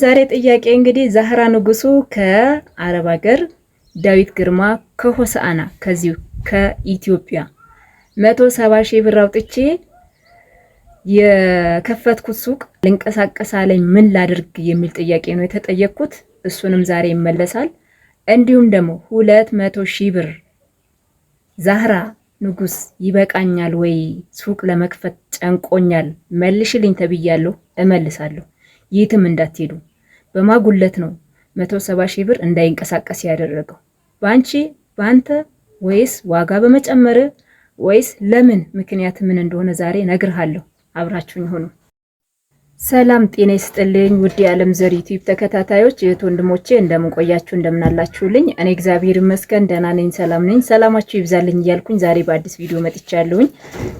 ዛሬ ጥያቄ እንግዲህ ዛህራ ንጉሱ ከአረብ ሀገር፣ ዳዊት ግርማ ከሆሳአና ከዚሁ ከኢትዮጵያ መቶ ሰባ ሺህ ብር አውጥቼ የከፈትኩት ሱቅ ልንቀሳቀሳለኝ ምን ላድርግ የሚል ጥያቄ ነው የተጠየቅኩት። እሱንም ዛሬ ይመለሳል። እንዲሁም ደግሞ ሁለት መቶ ሺህ ብር ዛህራ ንጉስ ይበቃኛል ወይ ሱቅ ለመክፈት ጨንቆኛል መልሽልኝ ተብያለሁ። እመልሳለሁ። የትም እንዳትሄዱ። በማጉለት ነው መቶ ሰባ ሺህ ብር እንዳይንቀሳቀስ ያደረገው? በአንቺ በአንተ ወይስ ዋጋ በመጨመር ወይስ ለምን? ምክንያት ምን እንደሆነ ዛሬ ነግርሃለሁ። አብራችሁኝ ሆኑ። ሰላም ጤና ይስጥልኝ ውድ የዓለም ዘር ዩቲዩብ ተከታታዮች እህት ወንድሞቼ፣ እንደምንቆያችሁ እንደምናላችሁልኝ፣ እኔ እግዚአብሔር ይመስገን ደህና ነኝ፣ ሰላም ነኝ። ሰላማችሁ ይብዛልኝ እያልኩኝ ዛሬ በአዲስ ቪዲዮ መጥቻለሁኝ።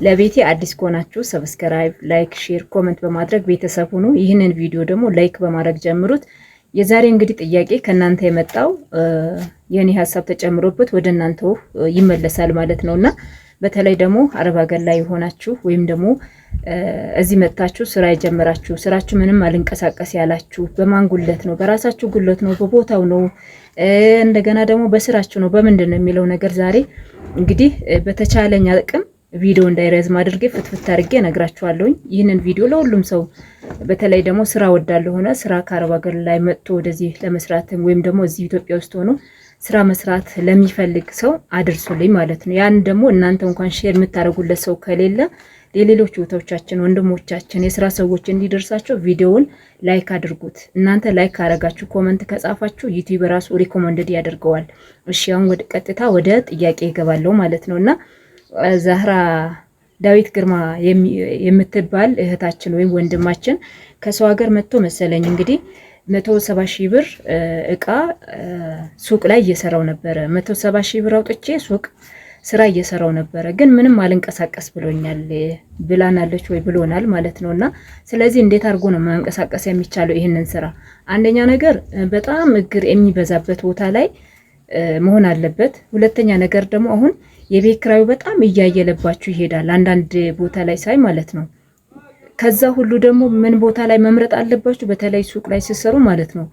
ለቤቴ አዲስ ከሆናችሁ ሰብስክራይብ፣ ላይክ፣ ሼር፣ ኮመንት በማድረግ ቤተሰብ ሁኑ። ይህንን ቪዲዮ ደግሞ ላይክ በማድረግ ጀምሩት። የዛሬ እንግዲህ ጥያቄ ከእናንተ የመጣው የእኔ ሀሳብ ተጨምሮበት ወደ እናንተው ይመለሳል ማለት ነውና በተለይ ደግሞ አረብ ሀገር ላይ የሆናችሁ ወይም ደግሞ እዚህ መጥታችሁ ስራ የጀመራችሁ ስራችሁ ምንም አልንቀሳቀስ ያላችሁ በማን ጉለት ነው? በራሳችሁ ጉለት ነው? በቦታው ነው? እንደገና ደግሞ በስራችሁ ነው? በምንድን ነው የሚለው ነገር ዛሬ እንግዲህ በተቻለኝ አቅም ቪዲዮ እንዳይረዝም አድርጌ ፍትፍት አድርጌ እነግራችኋለሁኝ። ይህንን ቪዲዮ ለሁሉም ሰው በተለይ ደግሞ ስራ ወዳለ ሆነ ስራ ከአረብ ሀገር ላይ መጥቶ ወደዚህ ለመስራት ወይም ደግሞ እዚህ ኢትዮጵያ ውስጥ ሆኖ ስራ መስራት ለሚፈልግ ሰው አድርሱልኝ ማለት ነው። ያን ደግሞ እናንተ እንኳን ሼር የምታደርጉለት ሰው ከሌለ የሌሎች ቦታዎቻችን ወንድሞቻችን የስራ ሰዎች እንዲደርሳቸው ቪዲዮውን ላይክ አድርጉት። እናንተ ላይክ ካረጋችሁ ኮመንት ከጻፋችሁ ዩቲዩብ ራሱ ሪኮመንደድ ያደርገዋል። እሺ አሁን ወደ ቀጥታ ወደ ጥያቄ ይገባለሁ ማለት ነው እና ዛህራ ዳዊት ግርማ የምትባል እህታችን ወይም ወንድማችን ከሰው ሀገር መጥቶ መሰለኝ እንግዲህ መቶ ሰባ ሺህ ብር እቃ ሱቅ ላይ እየሰራው ነበረ። መቶ ሰባ ሺህ ብር አውጥቼ ሱቅ ስራ እየሰራው ነበረ፣ ግን ምንም አልንቀሳቀስ ብሎኛል ብላናለች ወይ ብሎናል ማለት ነው። እና ስለዚህ እንዴት አድርጎ ነው መንቀሳቀስ የሚቻለው ይህንን ስራ? አንደኛ ነገር በጣም እግር የሚበዛበት ቦታ ላይ መሆን አለበት። ሁለተኛ ነገር ደግሞ አሁን የቤት ክራዩ በጣም እያየለባችሁ ይሄዳል፣ አንዳንድ ቦታ ላይ ሳይ ማለት ነው። ከዛ ሁሉ ደግሞ ምን ቦታ ላይ መምረጥ አለባችሁ? በተለይ ሱቅ ላይ ስትሰሩ ማለት ነው።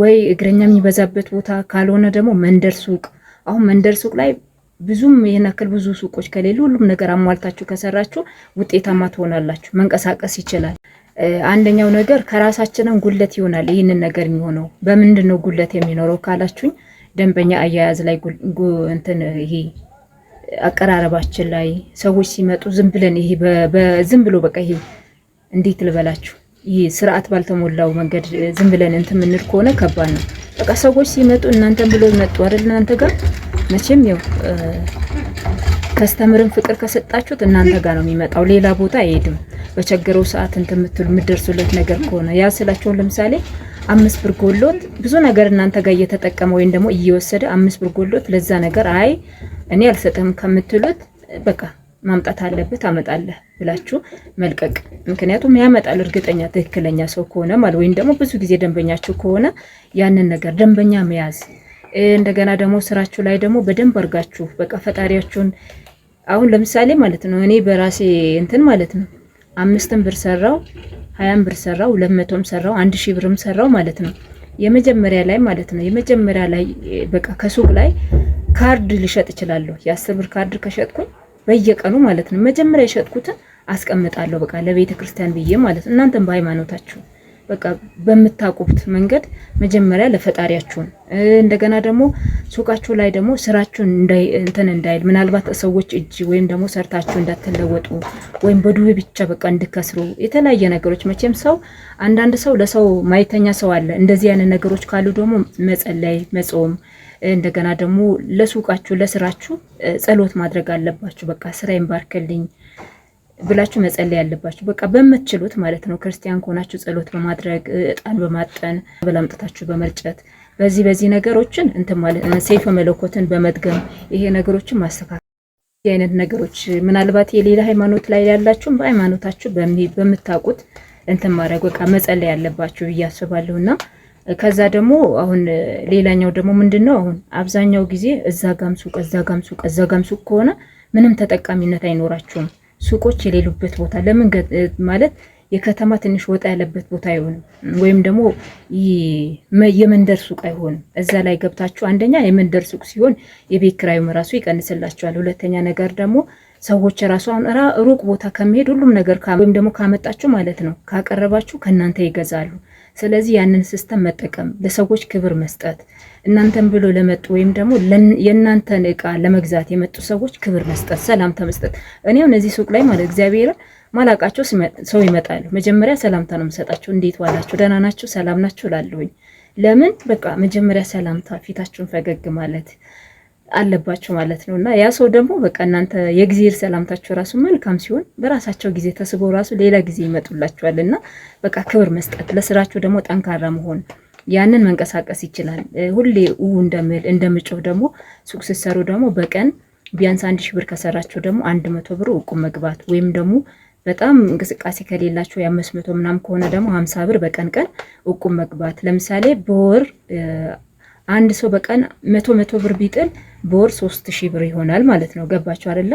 ወይ እግረኛ የሚበዛበት ቦታ ካልሆነ ደግሞ መንደር ሱቅ። አሁን መንደር ሱቅ ላይ ብዙም ይህን ያክል ብዙ ሱቆች ከሌሉ ሁሉም ነገር አሟልታችሁ ከሰራችሁ ውጤታማ ትሆናላችሁ። መንቀሳቀስ ይችላል። አንደኛው ነገር ከራሳችንም ጉለት ይሆናል። ይህንን ነገር የሚሆነው በምንድን ነው ጉለት የሚኖረው ካላችሁኝ ደንበኛ አያያዝ ላይ እንትን ይሄ አቀራረባችን ላይ ሰዎች ሲመጡ ዝም ብለን ይሄ ዝም ብሎ በቃ ይሄ እንዴት ልበላችሁ፣ ይህ ስርዓት ባልተሞላው መንገድ ዝም ብለን እንትን የምንል ከሆነ ከባድ ነው። በቃ ሰዎች ሲመጡ እናንተን ብሎ ይመጡ አይደል? እናንተ ጋር መቼም ያው ከስተምርን ፍቅር ከሰጣችሁት እናንተ ጋር ነው የሚመጣው፣ ሌላ ቦታ አይሄድም። በቸገረው ሰዓት እንትን የምትሉ የምትደርሱለት ነገር ከሆነ ያ ስላቸውን ለምሳሌ አምስት ብር ጎሎት ብዙ ነገር እናንተ ጋር እየተጠቀመ ወይም ደግሞ እየወሰደ አምስት ብር ጎሎት ለዛ ነገር አይ እኔ አልሰጥም ከምትሉት በቃ ማምጣት አለበት አመጣለህ ብላችሁ መልቀቅ። ምክንያቱም ያመጣል እርግጠኛ ትክክለኛ ሰው ከሆነ ማለት ወይም ደግሞ ብዙ ጊዜ ደንበኛችሁ ከሆነ ያንን ነገር ደንበኛ መያዝ እንደገና ደግሞ ስራችሁ ላይ ደግሞ በደንብ አርጋችሁ በቃ ፈጣሪያችሁን አሁን ለምሳሌ ማለት ነው እኔ በራሴ እንትን ማለት ነው አምስትም ብር ሰራው ሀያም ብር ሰራው ሁለት መቶም ሰራው አንድ ሺህ ብርም ሰራው ማለት ነው የመጀመሪያ ላይ ማለት ነው የመጀመሪያ ላይ በቃ ከሱቅ ላይ ካርድ ልሸጥ እችላለሁ። የአስር ብር ካርድ ከሸጥኩኝ በየቀኑ ማለት ነው። መጀመሪያ የሸጥኩትን አስቀምጣለሁ በቃ ለቤተ ክርስቲያን ብዬ ማለት ነው። እናንተም በሃይማኖታችሁ በቃ በምታውቁት መንገድ መጀመሪያ ለፈጣሪያችሁን እንደገና ደግሞ ሱቃችሁ ላይ ደግሞ ስራችሁን እንትን እንዳይል ምናልባት ሰዎች እጅ ወይም ደግሞ ሰርታችሁ እንዳትለወጡ ወይም በዱቤ ብቻ በቃ እንድከስሩ የተለያየ ነገሮች መቼም ሰው አንዳንድ ሰው ለሰው ማይተኛ ሰው አለ። እንደዚህ አይነት ነገሮች ካሉ ደግሞ መጸለይ፣ መጾም እንደገና ደግሞ ለሱቃችሁ ለስራችሁ ጸሎት ማድረግ አለባችሁ። በቃ ስራዬን ባርክልኝ ብላችሁ መጸለይ ያለባችሁ በቃ በምትችሉት ማለት ነው። ክርስቲያን ከሆናችሁ ጸሎት በማድረግ እጣን በማጠን በላምጥታችሁ በመርጨት በዚህ በዚህ ነገሮችን እንትን ማለት ሰይፈ መለኮትን በመድገም ይሄ ነገሮችን ማስተካከል አይነት ነገሮች ምናልባት የሌላ ሃይማኖት ላይ ያላችሁም በሃይማኖታችሁ በምታውቁት እንትን ማድረግ በቃ መጸለይ ያለባችሁ ብዬ አስባለሁና ከዛ ደግሞ አሁን ሌላኛው ደግሞ ምንድን ነው አሁን አብዛኛው ጊዜ እዛ ጋም ሱቅ እዛ ጋም ሱቅ እዛ ጋም ሱቅ ከሆነ ምንም ተጠቃሚነት አይኖራቸውም። ሱቆች የሌሉበት ቦታ ለምን ማለት የከተማ ትንሽ ወጣ ያለበት ቦታ አይሆንም፣ ወይም ደግሞ የመንደር ሱቅ አይሆንም። እዛ ላይ ገብታችሁ አንደኛ የመንደር ሱቅ ሲሆን የቤት ኪራዩም ራሱ ይቀንስላችኋል። ሁለተኛ ነገር ደግሞ ሰዎች ራሱ አሁን ሩቅ ቦታ ከመሄድ ሁሉም ነገር ወይም ደግሞ ካመጣችሁ ማለት ነው ካቀረባችሁ ከእናንተ ይገዛሉ። ስለዚህ ያንን ሲስተም መጠቀም፣ ለሰዎች ክብር መስጠት፣ እናንተን ብሎ ለመጡ ወይም ደግሞ የእናንተን እቃ ለመግዛት የመጡ ሰዎች ክብር መስጠት፣ ሰላምታ መስጠት። እኔው እነዚህ ሱቅ ላይ ማለት እግዚአብሔር ማላቃቸው ሰው ይመጣሉ። መጀመሪያ ሰላምታ ነው የምሰጣቸው። እንዴት ዋላችሁ? ደህና ናችሁ? ሰላም ናችሁ? ላለሁኝ ለምን በቃ መጀመሪያ ሰላምታ ፊታችሁን ፈገግ ማለት አለባቸው ማለት ነው። እና ያ ሰው ደግሞ በቃ እናንተ የእግዚአብሔር ሰላምታችሁ ራሱ መልካም ሲሆን በራሳቸው ጊዜ ተስበው ራሱ ሌላ ጊዜ ይመጡላችኋል። እና በቃ ክብር መስጠት፣ ለስራችሁ ደግሞ ጠንካራ መሆን ያንን መንቀሳቀስ ይችላል። ሁሌ ው እንደምል እንደምጮህ ደግሞ ሱቅ ስትሰሩ ደግሞ በቀን ቢያንስ አንድ ሺህ ብር ከሰራችሁ ደግሞ አንድ መቶ ብር እቁብ መግባት ወይም ደግሞ በጣም እንቅስቃሴ ከሌላቸው የአምስት መቶ ምናምን ከሆነ ደግሞ ሀምሳ ብር በቀን ቀን እቁብ መግባት ለምሳሌ በወር አንድ ሰው በቀን መቶ መቶ ብር ቢጥል በወር ሶስት ሺህ ብር ይሆናል ማለት ነው። ገባችሁ አይደለ?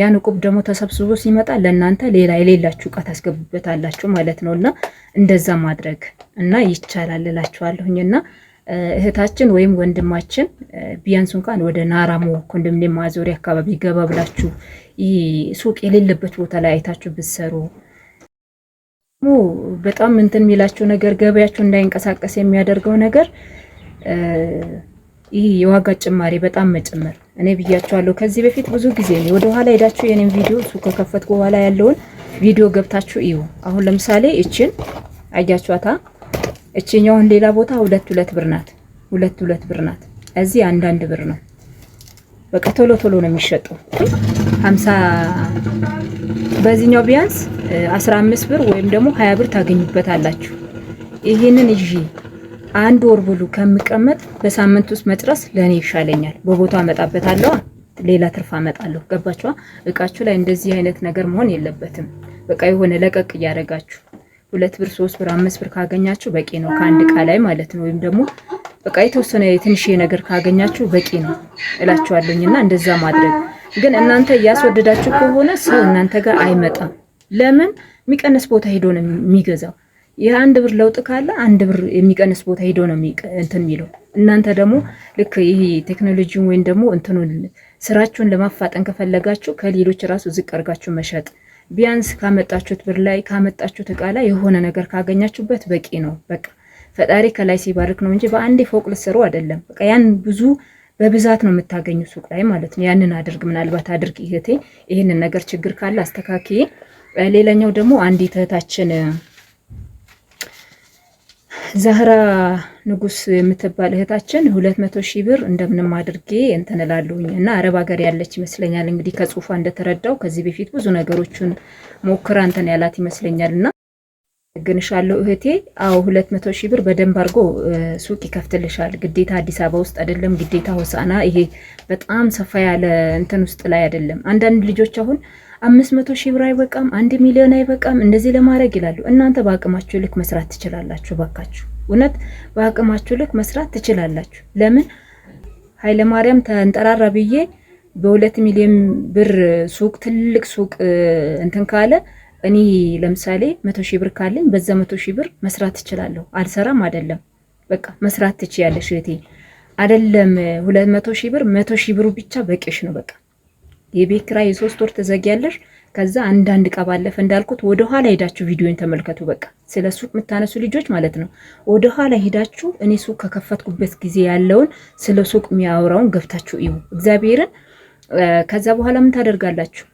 ያን ቁብ ደግሞ ተሰብስቦ ሲመጣ ለእናንተ ሌላ የሌላችሁ ዕቃ ታስገቡበታላችሁ ማለት ነው። እና እንደዛ ማድረግ እና ይቻላል እላችኋለሁኝ። እና እህታችን ወይም ወንድማችን ቢያንስ እንኳን ወደ ናራሞ ኮንዶሚኒየም ማዞሪያ አካባቢ ገባ ብላችሁ ሱቅ የሌለበት ቦታ ላይ አይታችሁ ብትሰሩ በጣም እንትን የሚላችሁ ነገር ገበያችሁ እንዳይንቀሳቀስ የሚያደርገው ነገር ይህ የዋጋ ጭማሪ በጣም መጨመር እኔ ብያቸዋለሁ። ከዚህ በፊት ብዙ ጊዜ ነው ወደ ኋላ ሄዳችሁ የኔም ቪዲዮ እሱ ከከፈትኩ በኋላ ያለውን ቪዲዮ ገብታችሁ እዩ። አሁን ለምሳሌ እችን አያችኋታ። እችኛውን ሌላ ቦታ ሁለት ሁለት ብር ናት፣ ሁለት ሁለት ብር ናት። እዚህ አንዳንድ ብር ነው። በቃ ቶሎ ቶሎ ነው የሚሸጡ 50 በዚህኛው ቢያንስ አምስት ብር ወይም ደግሞ ሀያ ብር ታገኙበታላችሁ። ይህንን ይዤ አንድ ወር ብሉ ከምቀመጥ በሳምንት ውስጥ መጨረስ ለእኔ ይሻለኛል። በቦታ አመጣበታለሁ፣ ሌላ ትርፍ አመጣለሁ። ገባችሁ? እቃችሁ ላይ እንደዚህ አይነት ነገር መሆን የለበትም። በቃ የሆነ ለቀቅ እያደረጋችሁ ሁለት ብር፣ ሶስት ብር፣ አምስት ብር ካገኛችሁ በቂ ነው፣ ከአንድ እቃ ላይ ማለት ነው። ወይም ደግሞ በቃ የተወሰነ ትንሽዬ ነገር ካገኛችሁ በቂ ነው እላችኋለኝ። እና እንደዛ ማድረግ ግን እናንተ እያስወደዳችሁ ከሆነ ሰው እናንተ ጋር አይመጣም። ለምን? የሚቀንስ ቦታ ሄዶ ነው የሚገዛው። አንድ ብር ለውጥ ካለ አንድ ብር የሚቀንስ ቦታ ሄዶ ነው እንትን የሚለው። እናንተ ደግሞ ልክ ይሄ ቴክኖሎጂ ወይም ደግሞ እንትኑን ስራችሁን ለማፋጠን ከፈለጋችሁ ከሌሎች ራሱ ዝቅ አድርጋችሁ መሸጥ ቢያንስ ካመጣችሁት ብር ላይ ካመጣችሁት እቃ ላይ የሆነ ነገር ካገኛችሁበት በቂ ነው። በቃ ፈጣሪ ከላይ ሲባርክ ነው እንጂ በአንዴ ፎቅ ልትሰሩ አይደለም። በቃ ያን ብዙ በብዛት ነው የምታገኙ ሱቅ ላይ ማለት ነው። ያንን አድርግ ምናልባት አድርግ ይህቴ ይህንን ነገር ችግር ካለ አስተካክዬ። ሌላኛው ደግሞ አንዲት እህታችን ዛህራ ንጉስ የምትባል እህታችን ሁለት መቶ ሺህ ብር እንደምንም አድርጌ እንትን እላለሁኝ እና አረብ ሀገር ያለች ይመስለኛል። እንግዲህ ከጽሁፏ እንደተረዳው ከዚህ በፊት ብዙ ነገሮችን ሞክራ እንትን ያላት ይመስለኛል እና ግንሻለሁ እህቴ። አዎ ሁለት መቶ ሺህ ብር በደንብ አድርጎ ሱቅ ይከፍትልሻል። ግዴታ አዲስ አበባ ውስጥ አይደለም፣ ግዴታ ሆሳና፣ ይሄ በጣም ሰፋ ያለ እንትን ውስጥ ላይ አይደለም። አንዳንድ ልጆች አሁን አምስት መቶ ሺህ ብር አይበቃም፣ አንድ ሚሊዮን አይበቃም፣ እንደዚህ ለማድረግ ይላሉ። እናንተ በአቅማችሁ ልክ መስራት ትችላላችሁ። ባካችሁ እውነት በአቅማችሁ ልክ መስራት ትችላላችሁ። ለምን ኃይለማርያም ተንጠራራ ብዬ በሁለት ሚሊዮን ብር ሱቅ ትልቅ ሱቅ እንትን ካለ እኔ ለምሳሌ መቶ ሺህ ብር ካለኝ በዛ መቶ ሺህ ብር መስራት ትችላለሁ። አልሰራም አይደለም፣ በቃ መስራት ትችያለሽ እህቴ። አይደለም ሁለት መቶ ሺህ ብር መቶ ሺህ ብሩ ብቻ በቂሽ ነው በቃ የቤት ኪራይ የሶስት ወር ትዘጊያለሽ። ከዛ አንዳንድ እቃ ባለፈ እንዳልኩት ወደ ኋላ ሄዳችሁ ቪዲዮን ተመልከቱ። በቃ ስለ ሱቅ የምታነሱ ልጆች ማለት ነው። ወደ ኋላ ሄዳችሁ እኔ ሱቅ ከከፈትኩበት ጊዜ ያለውን ስለ ሱቅ የሚያወራውን ገብታችሁ እዩ እግዚአብሔርን። ከዛ በኋላ ምን ታደርጋላችሁ?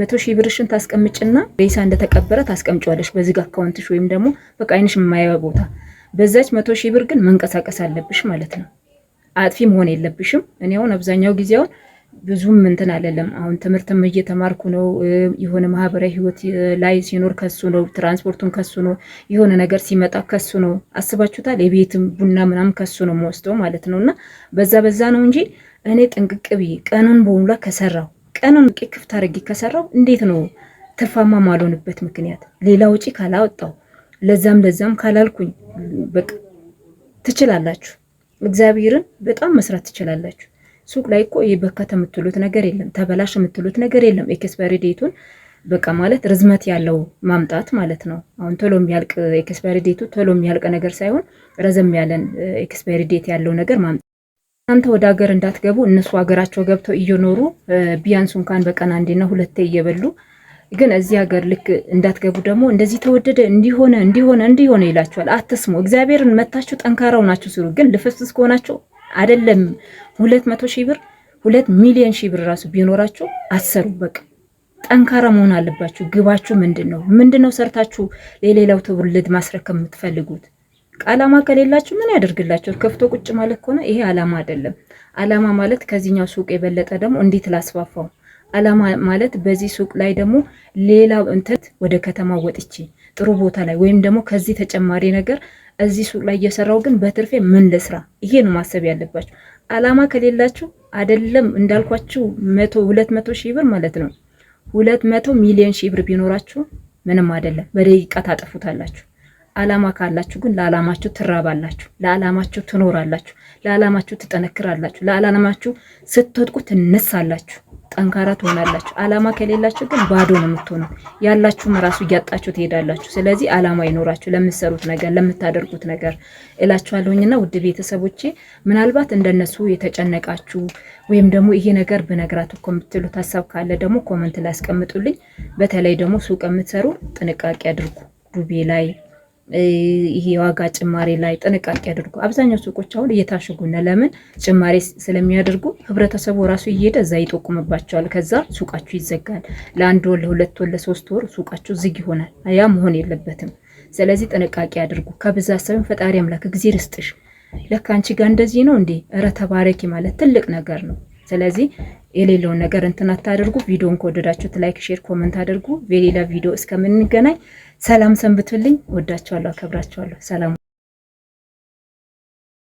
መቶ ሺህ ብርሽን ታስቀምጭና ሬሳ እንደተቀበረ ታስቀምጫዋለሽ በዚህ አካውንትሽ ወይም ደግሞ በቃ አይንሽ የማያየው ቦታ። በዛች መቶ ሺህ ብር ግን መንቀሳቀስ አለብሽ ማለት ነው። አጥፊ መሆን የለብሽም። እኔ አሁን አብዛኛው ጊዜ አሁን ብዙም እንትን አለለም። አሁን ትምህርትም እየተማርኩ ነው። የሆነ ማህበራዊ ህይወት ላይ ሲኖር ከሱ ነው፣ ትራንስፖርቱን ከሱ ነው፣ የሆነ ነገር ሲመጣ ከሱ ነው። አስባችሁታል? የቤትም ቡና ምናምን ከሱ ነው መወስደው ማለት ነው። እና በዛ በዛ ነው እንጂ እኔ ጥንቅቅ ብዬ ቀኑን በሙላ ከሰራው ቀኑን ክፍት አድርጌ ከሰራው እንዴት ነው ትርፋማ ማልሆንበት ምክንያት? ሌላ ውጪ ካላወጣው ለዛም ለዛም ካላልኩኝ በቃ ትችላላችሁ። እግዚአብሔርን በጣም መስራት ትችላላችሁ። ሱቅ ላይ እኮ በከተ የምትሉት ነገር የለም፣ ተበላሽ የምትሉት ነገር የለም። ኤክስፓየሪ ዴቱን በቃ ማለት ርዝመት ያለው ማምጣት ማለት ነው። አሁን ቶሎ የሚያልቅ ኤክስፓየሪ ዴቱ ቶሎ የሚያልቅ ነገር ሳይሆን ረዘም ያለን ኤክስፓየሪ ዴት ያለው ነገር ማምጣት። እናንተ ወደ ሀገር እንዳትገቡ እነሱ ሀገራቸው ገብተው እየኖሩ ቢያንስ እንኳን በቀን አንዴና ሁለቴ እየበሉ ግን እዚህ ሀገር ልክ እንዳትገቡ ደግሞ እንደዚህ ተወደደ እንዲሆነ እንዲሆነ እንዲሆነ ይላችኋል። አትስሙ። እግዚአብሔርን መታችሁ ጠንካራው ናችሁ ሲሉ ግን ልፍስፍስ ከሆናችሁ አይደለም ሁለት መቶ ሺህ ብር ሁለት ሚሊዮን ሺህ ብር ራሱ ቢኖራችሁ አሰሩ። በቃ ጠንካራ መሆን አለባችሁ። ግባችሁ ምንድን ነው? ምንድን ነው ሰርታችሁ ለሌላው ትውልድ ማስረከብ የምትፈልጉት? አላማ ከሌላችሁ ምን ያደርግላችሁ? ከፍቶ ቁጭ ማለት ከሆነ ይሄ አላማ አይደለም። አላማ ማለት ከዚህኛው ሱቅ የበለጠ ደግሞ እንዴት ላስፋፋው አላማ ማለት በዚህ ሱቅ ላይ ደግሞ ሌላ እንትን ወደ ከተማ ወጥቼ ጥሩ ቦታ ላይ ወይም ደግሞ ከዚህ ተጨማሪ ነገር እዚህ ሱቅ ላይ እየሰራው ግን በትርፌ ምን ልስራ? ይሄ ነው ማሰብ ያለባቸው። አላማ ከሌላችሁ አይደለም እንዳልኳችሁ መቶ ሁለት መቶ ሺህ ብር ማለት ነው ሁለት መቶ ሚሊዮን ሺህ ብር ቢኖራችሁ ምንም አይደለም፣ በደቂቃ ታጠፉታላችሁ። አላማ ካላችሁ ግን ለአላማችሁ ትራባላችሁ፣ ለአላማችሁ ትኖራላችሁ፣ ለአላማችሁ ትጠነክራላችሁ፣ ለአላማችሁ ስትወድቁ ትነሳላችሁ፣ ጠንካራ ትሆናላችሁ። አላማ ከሌላችሁ ግን ባዶ ነው የምትሆኑ፣ ያላችሁም ራሱ እያጣችሁ ትሄዳላችሁ። ስለዚህ አላማ ይኖራችሁ ለምትሰሩት ነገር፣ ለምታደርጉት ነገር እላችኋለሁኝና ውድ ቤተሰቦቼ ምናልባት እንደነሱ የተጨነቃችሁ ወይም ደግሞ ይሄ ነገር ብነግራት እኮ የምትሉት ሀሳብ ካለ ደግሞ ኮመንት ላይ አስቀምጡልኝ። በተለይ ደግሞ ሱቅ የምትሰሩ ጥንቃቄ አድርጉ ዱቤ ላይ ይሄ ዋጋ ጭማሪ ላይ ጥንቃቄ አድርጉ። አብዛኛው ሱቆች አሁን እየታሸጉ ነው። ለምን ጭማሪ ስለሚያደርጉ ህብረተሰቡ ራሱ እየሄደ እዛ ይጠቁምባቸዋል። ከዛ ሱቃችሁ ይዘጋል። ለአንድ ወር፣ ለሁለት ወር፣ ለሶስት ወር ሱቃችሁ ዝግ ይሆናል። ያ መሆን የለበትም። ስለዚህ ጥንቃቄ አድርጉ። ከብዛት ሳይሆን ፈጣሪ አምላክ ጊዜ ርስጥሽ ለካ አንቺ ጋር እንደዚህ ነው እንዴ? እረ ተባረኪ ማለት ትልቅ ነገር ነው። ስለዚህ የሌለውን ነገር እንትን አታደርጉ። ቪዲዮን ከወደዳችሁት ላይክ፣ ሼር፣ ኮመንት አድርጉ። የሌላ ቪዲዮ እስከምንገናኝ ሰላም ሰንብትልኝ። ወዳችኋለሁ፣ አከብራችኋለሁ። ሰላም